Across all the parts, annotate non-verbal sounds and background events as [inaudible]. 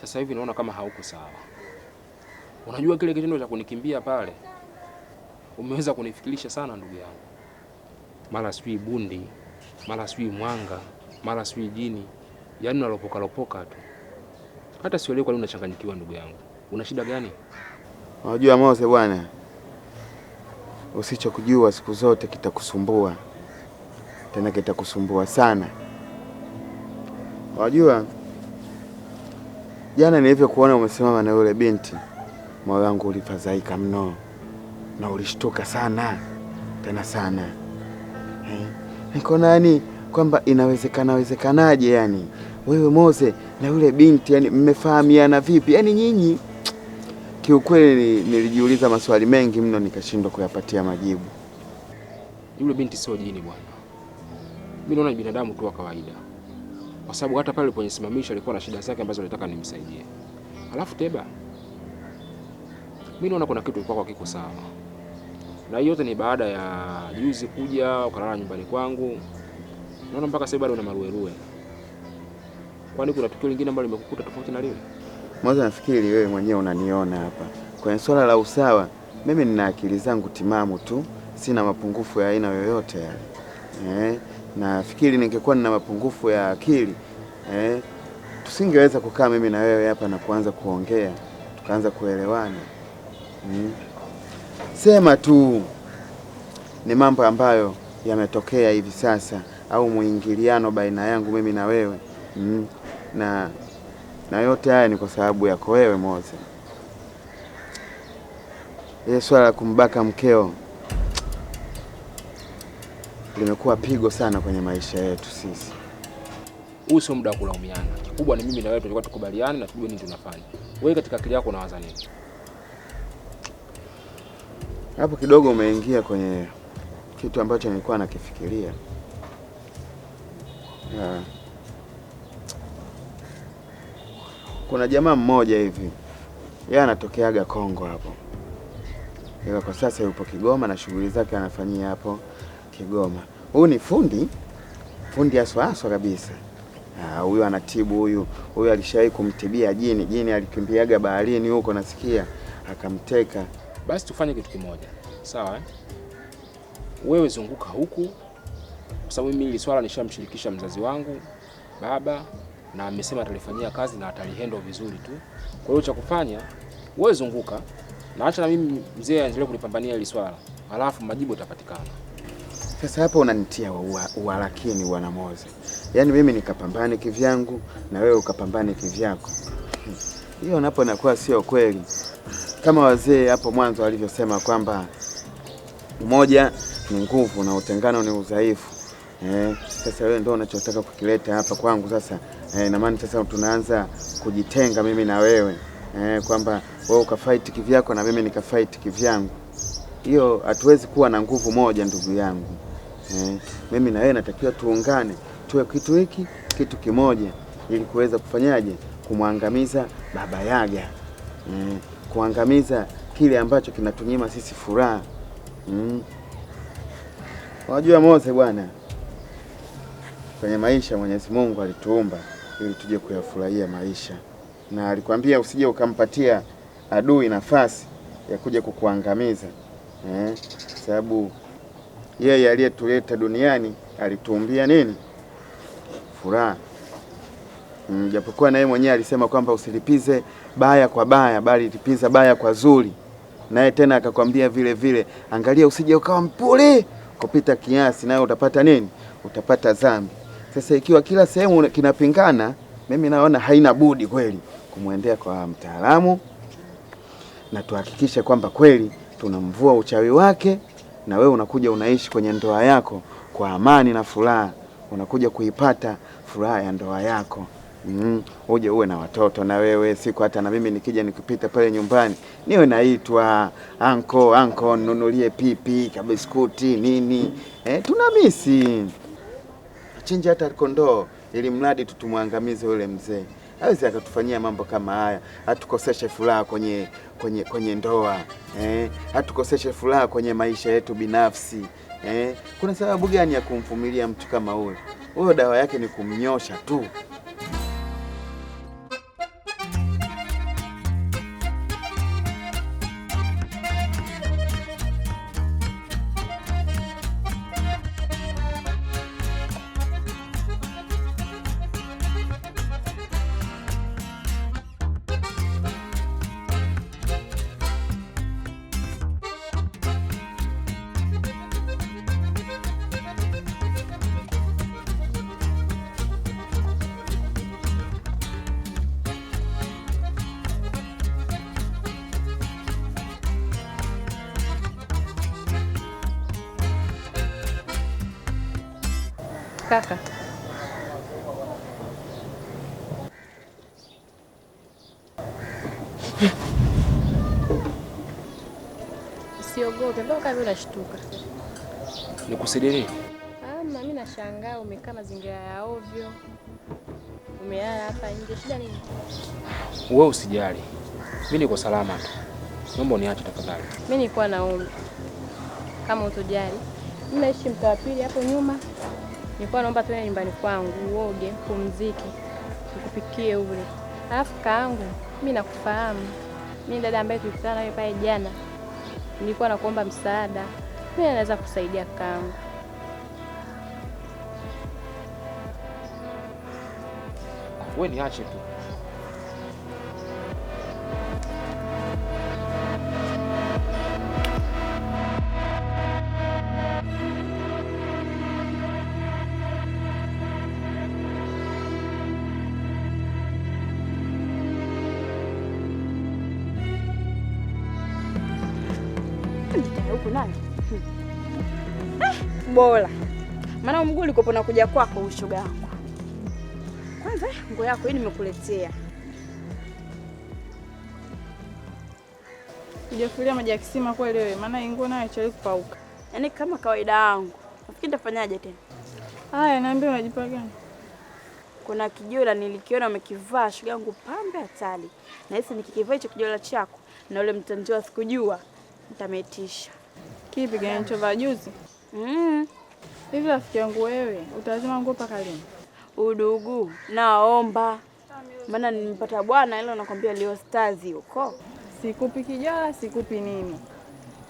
Sasa hivi naona kama hauko sawa. Unajua kile kitendo cha kunikimbia pale, umeweza kunifikirisha sana ndugu yangu, mara sijui bundi, mara sijui mwanga, mara sijui jini, yaani unalopoka lopoka tu, hata sielewi kwa nini unachanganyikiwa. Ndugu yangu, una shida gani? Unajua Mose bwana, usichokujua siku zote kitakusumbua, tena kitakusumbua sana. Unajua Jana nilivyokuona umesimama na yule binti, moyo wangu ulifadhaika mno na ulishtuka sana tena sana hey. Eh, Nikaona yani kwamba inawezekana wezekanaje, yani wewe Moze na yule binti yani mmefahamiana vipi? Yani nyinyi kiukweli, nilijiuliza maswali mengi mno nikashindwa kuyapatia majibu. Yule binti sio jini bwana, mimi naona binadamu tu wa kawaida kwa sababu hata pale uliponisimamisha alikuwa na shida zake ambazo alitaka nimsaidie. Alafu Teba, mimi naona kuna kitu kilikuwa kwa kiko sawa, na hiyo yote ni baada ya juzi kuja ukalala nyumbani kwangu. Naona mpaka sasa bado una maruerue. Kwani kuna tukio lingine ambalo limekukuta tofauti na lile? Mwanzo nafikiri wewe mwenyewe unaniona hapa kwenye swala la usawa. Mimi nina akili zangu timamu tu, sina mapungufu ya aina yoyote yale. Eh, nafikiri ningekuwa nina mapungufu ya akili eh, tusingeweza kukaa mimi na wewe hapa na kuanza kuongea tukaanza kuelewana hmm. Sema tu ni mambo ambayo yametokea hivi sasa, au mwingiliano baina yangu mimi na wewe hmm. na na yote haya ni kwa sababu yako wewe Moze. Ile swala la kumbaka mkeo limekuwa pigo sana kwenye maisha yetu sisi. Huu sio muda wa kulaumiana. Kikubwa ni mimi na wewe tulikuwa tukubaliane na tujue nini tunafanya. Wewe katika akili yako unawaza nini? Hapo kidogo umeingia kwenye kitu ambacho nilikuwa nakifikiria. Yeah. Kuna jamaa mmoja hivi yeye anatokeaga Kongo hapo, ila kwa sasa yupo Kigoma na shughuli zake anafanyia hapo Kigoma. Huyu ni fundi fundi aswaaswa kabisa. Ah, huyu anatibu huyu, huyu alishawahi kumtibia jini. Jini alikimbiaga baharini huko, nasikia akamteka. Basi tufanye kitu kimoja, sawa eh? Wewe zunguka huku, kwa sababu mimi hili swala nishamshirikisha mzazi wangu baba, na amesema atalifanyia kazi na atalihendo vizuri tu. Kwa hiyo cha kufanya wewe zunguka, na acha na mimi mzee aendelee kulipambania hili swala, alafu majibu yatapatikana. Sasa hapo unanitia uharakini Bwana Moze, yaani mimi nikapambane kivyangu na wewe ukapambane kivyako. Hiyo napo nakuwa sio kweli, kama wazee hapo mwanzo walivyosema kwamba umoja ni nguvu na utengano ni udhaifu. Eh, sasa wewe ndio unachotaka kukileta hapa kwangu sasa. Eh, na maana sasa tunaanza kujitenga mimi na wewe eh, kwamba wewe ukafight kivyako na mimi nikafight kivyangu. Hiyo hatuwezi kuwa na nguvu moja ndugu yangu. Eh, mimi na wewe natakiwa tuungane tuwe kitu hiki kitu kimoja, ili kuweza kufanyaje kumwangamiza Baba Yaga mm. kuangamiza kile ambacho kinatunyima sisi furaha mm. Unajua Mose bwana, kwenye maisha Mwenyezi Mungu alituumba ili tuje kuyafurahia maisha, na alikwambia usije ukampatia adui nafasi ya kuja kukuangamiza eh, sababu yeye aliyetuleta duniani alituumbia nini? Furaha. Mm, japokuwa naye mwenyewe alisema kwamba usilipize baya kwa baya, bali lipiza baya kwa zuri. Naye tena akakwambia vile vile, angalia usije ukawa mpole kupita kiasi, naye utapata nini? Utapata dhambi. Sasa ikiwa kila sehemu kinapingana, mimi naona haina budi kweli kumwendea kwa mtaalamu na tuhakikishe kwamba kweli tunamvua uchawi wake na wewe unakuja unaishi kwenye ndoa yako kwa amani na furaha, unakuja kuipata furaha ya ndoa yako mm. Uje uwe na watoto na wewe siku, hata na mimi nikija nikipita pale nyumbani niwe naitwa anko anko, nunulie pipi kabiskuti nini eh, misi chinja hata kondoo ili mradi tutumwangamize yule mzee hawezi akatufanyia mambo kama haya, hatukoseshe furaha kwenye, kwenye, kwenye ndoa eh, hatukoseshe furaha kwenye maisha yetu binafsi eh. Kuna sababu gani ya kumvumilia mtu kama huyo? Huyo dawa yake ni kumnyosha tu. kaka? Usiogope, mbona kama unashtuka? Nikusaidie nini? Ama mimi nashangaa umekaa mazingira ya ovyo. Umelala hapa nje, shida nini? Wewe usijali. Mimi niko salama tu. Naomba uniache tafadhali. Mimi nilikuwa naomba kama utojali. Mimi naishi mtaa wa pili hapo nyuma nilikuwa naomba tuende nyumbani kwangu uoge, pumzike, nikupikie ule. Alafu kaangu, mimi nakufahamu mimi, dada ambaye tulikutana naye pale jana, nilikuwa nakuomba msaada, mimi naweza kusaidia kaangu. Wewe niache tu bora, maana mguu ulikopo na kuja kwako ushoga yangu. Kwanza nguo yako hii nimekuletea, kujafulia maji ya kisima kweli wewe, maana hii nguo nayo haichelewi kupauka, yaani kama kawaida yangu. Nafikiri nitafanyaje tena? Haya, naambia unajipa gani? Kuna kijola nilikiona umekivaa shoga yangu, pambe hatari. Nahisi nikikivaa hicho kijola chako na ule mtandio sikujua nitametisha. Kipi kinanichovaa juzi? Mm. Hivi rafiki yangu wewe utazima nguo mpaka lini? Udugu, naomba maana nimpata bwana ile nakwambia leo stazi huko. Sikupi kijola sikupi nini.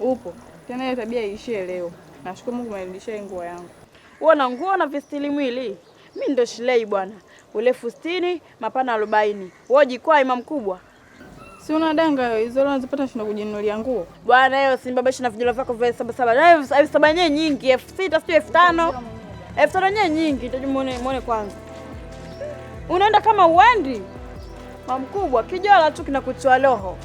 Upo. Tena hiyo tabia iishie leo. Nashukuru Mungu umerudishia nguo yangu. Uona nguo na vistili mwili. Mimi ndo shilei bwana. Ule fustini mapana 40. Wewe jikwaa ima mkubwa. Si una danga hizo unazipata shinda kujinunulia nguo. Bwana hiyo simbabashi na vijana vyako vya saba saba. Na hiyo saba yenyewe nyingi, elfu sita sio elfu tano. Elfu tano yenyewe nyingi, tuje muone muone kwanza. Unaenda kama uendi. Mamkubwa kijola tu kinakutoa roho.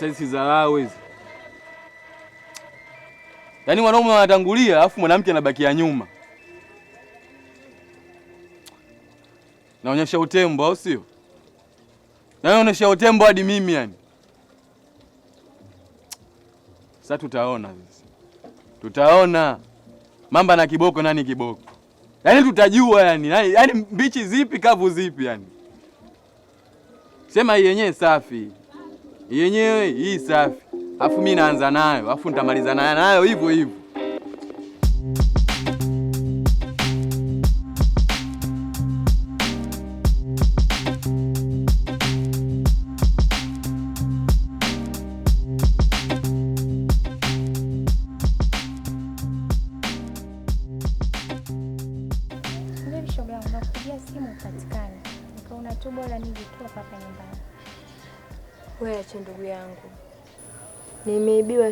sensi za wawezi hizi. Yaani wanaume wanatangulia alafu mwanamke anabakia nyuma. Naonyesha utembo au sio? Naonyesha utembo hadi mimi yani. Sasa tutaona sasa. Tutaona mamba na kiboko nani kiboko. Yaani tutajua yani, yaani, yaani mbichi zipi kavu zipi yani. Sema yenyewe safi yenyewe hii safi, afu mimi naanza nayo afu nitamaliza nayo hivyo hivyo.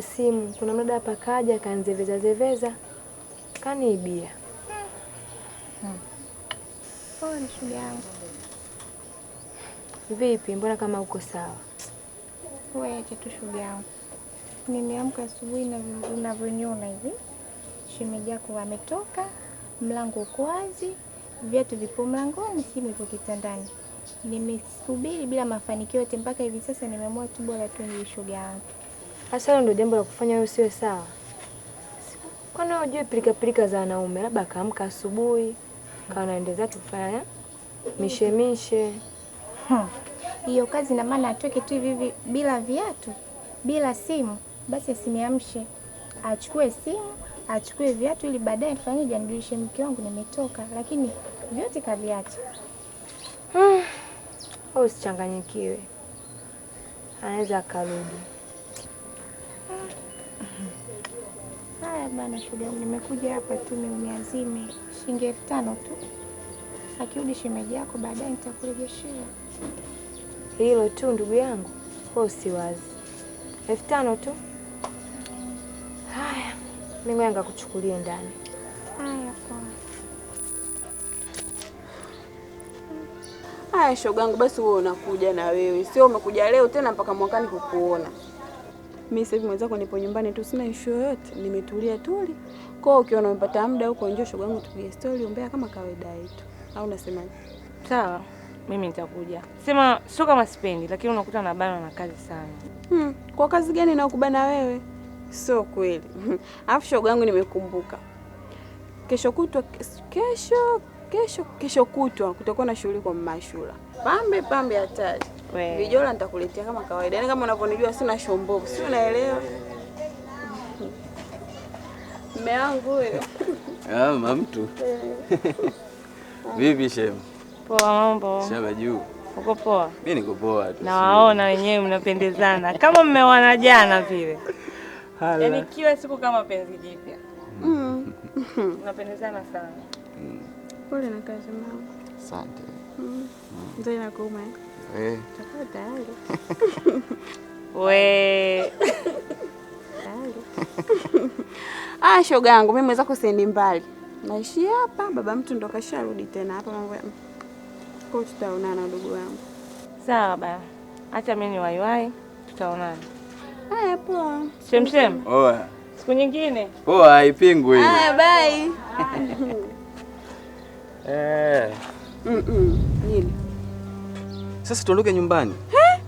simu, kuna mdada hapa kaja kanzeveza zeveza kaniibia. Hmm. shule yangu. Vipi, mbona kama uko sawa? Weache tu shule yangu, nimeamka asubuhi na unavyoniona hivi, shemeji yako ametoka, mlango uko wazi, viatu vipo mlangoni, simu iko kitandani. Nimesubiri bila mafanikio yote mpaka hivi sasa, nimeamua tu bora tu shule yangu Hasa hilo ndio jambo la kufanya wewe usiwe sawa. Kwani unajua pilika pilika za wanaume, labda akaamka asubuhi kawa naendelea kufanya mishemishe hmm. hiyo hmm. Kazi na maana atoke tu hivi bila viatu bila simu, basi asiniamshe, achukue simu achukue viatu ili baadaye fanyaje, anijulishe mke wangu nimetoka, lakini vyote kaviacha. Hmm. Usichanganyikiwe, anaweza akarudi. bana shoga, nimekuja hapa tu niumiazime shilingi elfu tano tu, akirudi shemeji yako baadaye nitakurejeshea. Hilo tu ndugu yangu, kwa usiwazi, elfu tano tu. Haya, mimi anga kuchukulie ndani. Haya kwa haya, shogangu, basi wewe unakuja na wewe, sio umekuja leo tena mpaka mwakani kukuona. Mimi sasa hivi mwenzako nipo nyumbani tu, sina issue yoyote, nimetulia tuli. Kwa hiyo ukiona umepata muda huko, njoo shoga yangu, tupige story umbea kama kawaida yetu, au unasemaje? Sawa, mimi nitakuja. Sema sio kama sipendi, lakini unakuta na bana na kazi sana. Hmm, kwa kazi gani na ukubana wewe? Sio kweli. [laughs] Alafu shoga yangu, nimekumbuka kesho kutwa, kesho kesho kesho kutwa kutakuwa na shughuli kwa mashula. pambe pambe hatari Vijola nitakuletea kama kawaida, yaani kama unavyonijua sina shombovu, si unaelewa? Mme wangu huyo ah, ama mtu eh. vipi? Shemu poa, mambo shaba juu Uko poa? Mimi niko poa tu. Nawaona wenyewe mnapendezana kama mmewana jana vile. Yaani kila siku kama penzi jipya. Mm. [laughs] Mnapendezana sana. Mm. Pole na kazi mama. Asante. Mm. Mm. Ndio inakuuma. Eh? Eh. We. [laughs] Ah, shoga yangu mimi mwenzako siendi mbali, naishi hapa. Baba mtu ndo kasharudi tena hapa, mambo ya kwa tutaonana, ndugu yangu. Sawa baba, acha mimi ni waiwai, tutaonana. Haya, poa. Shemshem. Oa. Siku nyingine. Poa, haipingwi. Haya, bye. [laughs] Eh. Mm -mm. Nini? Sasa tuondoke nyumbani.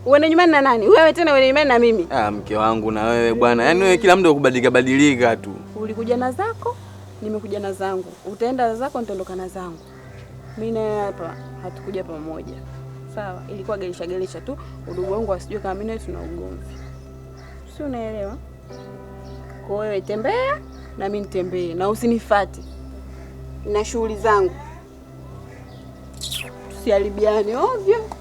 Uende nyumbani na nani? Wewe tena uende nyumbani na mimi? Ah, mke wangu na wewe bwana. Yaani wewe kila muda ukubadilika badilika tu. Ulikuja na zako, nimekuja na zangu. Utaenda na zako, nitaondoka na zangu. Mimi na hapa hatukuja pamoja. Sawa, ilikuwa gelisha gelisha tu. Udugu wangu asijue kama mimi na wewe tuna ugomvi. Si unaelewa? Kwa wewe tembea na mimi nitembee na usinifuate. Na shughuli zangu. Tusiharibiane ovyo.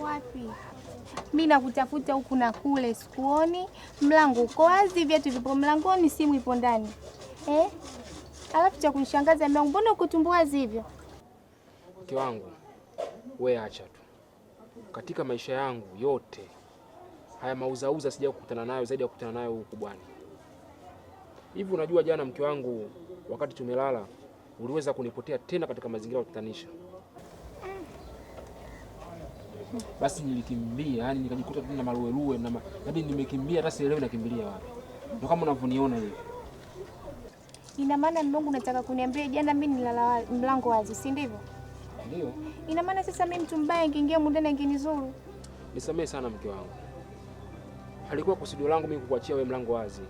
Wapi? Mimi nakutafuta huku na kule, sikuoni. Mlango uko wazi, viatu vipo mlangoni, simu ipo ndani eh? Alafu cha kunishangaza mimi, mbona ukutumbua hivyo? Mke wangu we, acha tu. Katika maisha yangu yote haya mauzauza sija kukutana nayo zaidi ya kukutana nayo huku bwana. Hivi unajua, jana mke wangu wakati tumelala uliweza kunipotea tena katika mazingira ya kutanisha. Basi nilikimbia, yani nikajikuta tu na maruerue, yaani nimekimbia hata sielewi nakimbilia wapi, ndio kama unavyoniona hivi. Ina maana Mungu unataka kuniambia jana mimi nilala mlango wazi, si ndivyo? Ndio. Ina maana sasa mimi mtu mbaya ingeingia mundani angenizuru. Nisamehe sana mke wangu, alikuwa kusudio langu mimi kukuachia wewe mlango wazi,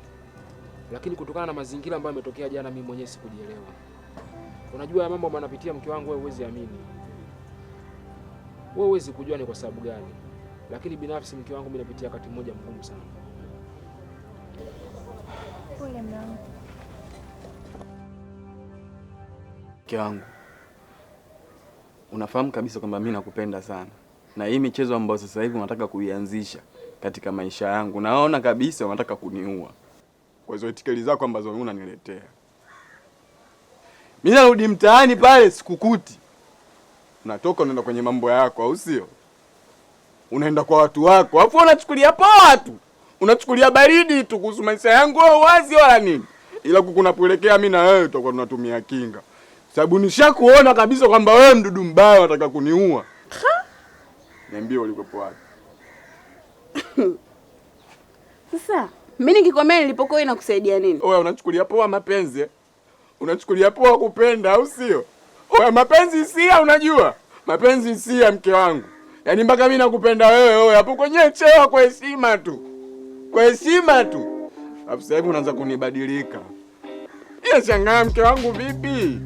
lakini kutokana na mazingira ambayo yametokea jana, mimi mwenyewe sikujielewa. Unajua mambo ambayo anapitia mke wangu, wewe huwezi amini, wewe huwezi kujua ni kwa sababu gani, lakini binafsi mke wangu, mimi napitia wakati mmoja mgumu sana. Pole mwanangu. mke wangu, unafahamu kabisa kwamba mimi nakupenda sana, na hii michezo ambayo sasa hivi unataka kuianzisha katika maisha yangu, naona kabisa unataka kuniua kwa hizo itikeli zako ambazo unaniletea. Mimi narudi mtaani pale sikukuti, unatoka unaenda kwenye mambo yako, au sio? Unaenda kwa watu wako, afu unachukulia poa tu, unachukulia baridi tu kuhusu maisha yangu, au wazi wala nini, ila kukunapoelekea mimi na wewe tutakuwa tunatumia kinga. Sababu nishakuona kabisa kwamba wewe mdudu mbaya unataka kuniua. Niambie ulikopo wapi? [coughs] Sasa mimi nikikwambia nilipokuwa inakusaidia nini? Wewe unachukulia poa mapenzi. Eh? Unachukulia poa kupenda au sio? Wewe mapenzi hisia unajua? Mapenzi hisia mke wangu. Yaani mpaka mimi nakupenda wewe wewe hapo kwenye chewa kwa heshima tu. Kwa heshima tu. Alafu sasa hivi unaanza kunibadilika. Yeye shangaa mke wangu vipi?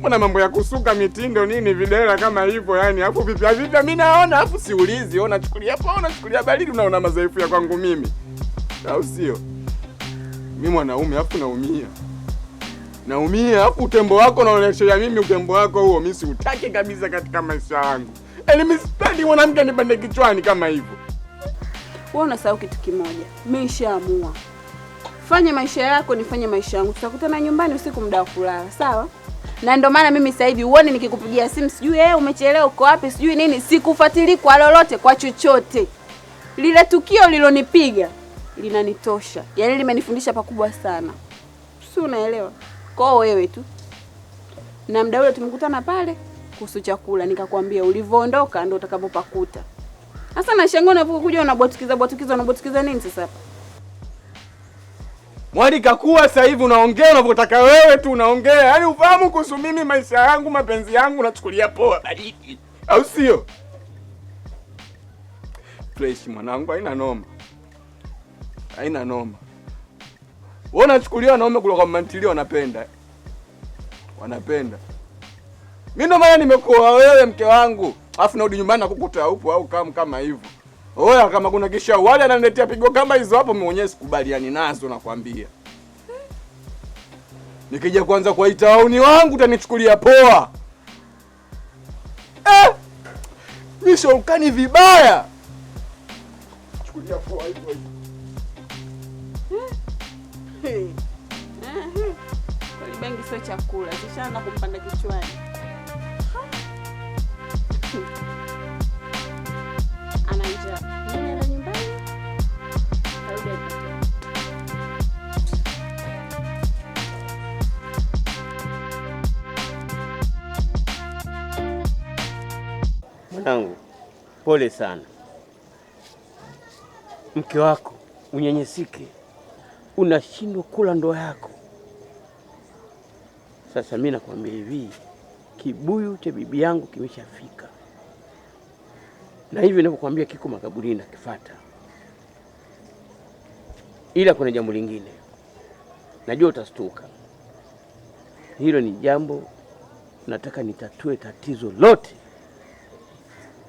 Mbona mambo ya kusuka mitindo nini videla kama hivyo yani? Hapo vipi? vipi, mimi naona, hapo siulizi. Ona chukulia hapo, ona chukulia baridi, unaona madhaifu ya kwangu mimi. Au sio? Mimi mwanaume hapo naumia. Naumia hapo utembo wako ya mimi utembo wako huo mimi siutaki kabisa katika maisha yangu. Yaani mimi sipendi mwanamke nipande kichwani kama hivyo. Wewe unasahau kitu kimoja. Mimi nishaamua. Fanye maisha yako, nifanye maisha yangu. Tutakutana nyumbani usiku muda wa kulala, sawa? na ndio maana mimi sasa hivi uone nikikupigia simu sijui eh, umechelewa uko wapi sijui nini, sikufuatili kwa lolote kwa chochote. Lile tukio lilonipiga linanitosha, yaani limenifundisha pakubwa sana, si unaelewa? Kwao wewe tu na mda ule tumekutana pale kuhusu chakula, nikakwambia ulivyoondoka ndio utakavyopakuta. Sasa na shangona unapokuja unabwatukiza bwatukiza nini sasa hapa? Mwani kakuwa sasa hivi unaongea unavyotaka wewe tu unaongea. Yaani ufahamu kuhusu mimi maisha yangu, mapenzi yangu nachukulia poa baridi. Au sio? Fresh mwanangu haina noma. Haina noma. Wewe unachukulia wanaume kule kwa mantilio wanapenda. Wanapenda. Mimi ndo maana nimekuoa wewe mke wangu. Alafu narudi nyumbani nakukuta upo au kama kama hivyo. Oya, kama kuna kisha wale ananiletea pigo kama hizo hapo, mimi mwenyewe sikubaliani nazo, nakwambia. Nikija kwanza kuwaita wauni wangu utanichukulia poa eh? Mimi shaukani vibaya, chukulia poa hivyo. Bengi sio chakula, kisha na kumpanda kichwani pole sana mke wako, unyenyesike, unashindwa kula ndoa yako. Sasa mimi nakwambia hivi, kibuyu cha bibi yangu kimeshafika, na hivi ninavyokuambia kiko makaburini, kifata. Ila kuna jambo lingine, najua utastuka. Hilo ni jambo nataka nitatue tatizo lote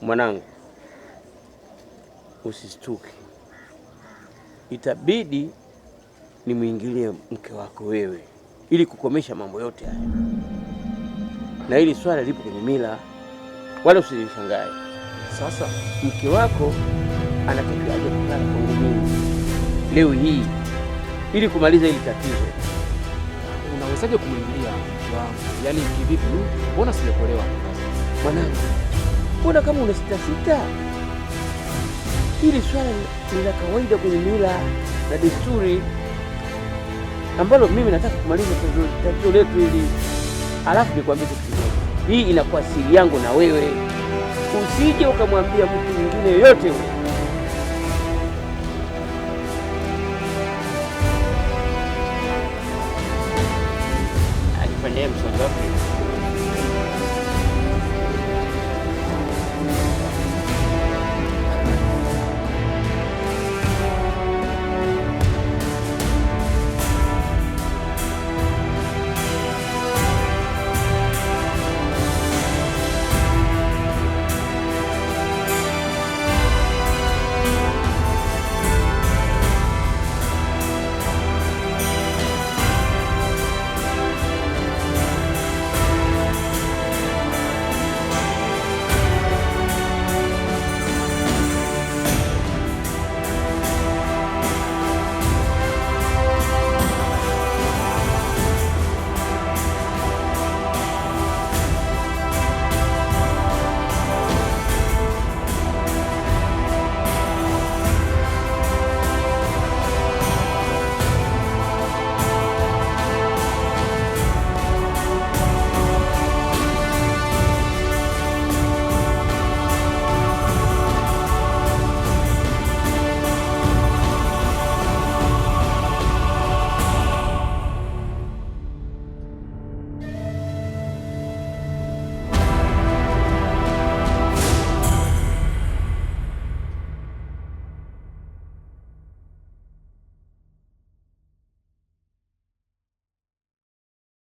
mwanangu usistuki itabidi nimwingilie mke wako wewe, ili kukomesha mambo yote haya, na hili swala lipo kwenye mila, wala usijishangae. Sasa mke wako anatakiwa aje kwangu mimi leo hii, ili kumaliza hili tatizo. Unawezaje kumwingilia mke wangu? Yaani kivipi? Mbona sijakuelewa mwanangu? Mbona kama unasitasita? Hili swala ni la kawaida kwenye mila na desturi, ambalo mimi nataka kumaliza tatizo letu hili. Alafu nikwambie kitu kimoja, hii inakuwa siri yangu na wewe, usije ukamwambia mtu mwingine yoyote.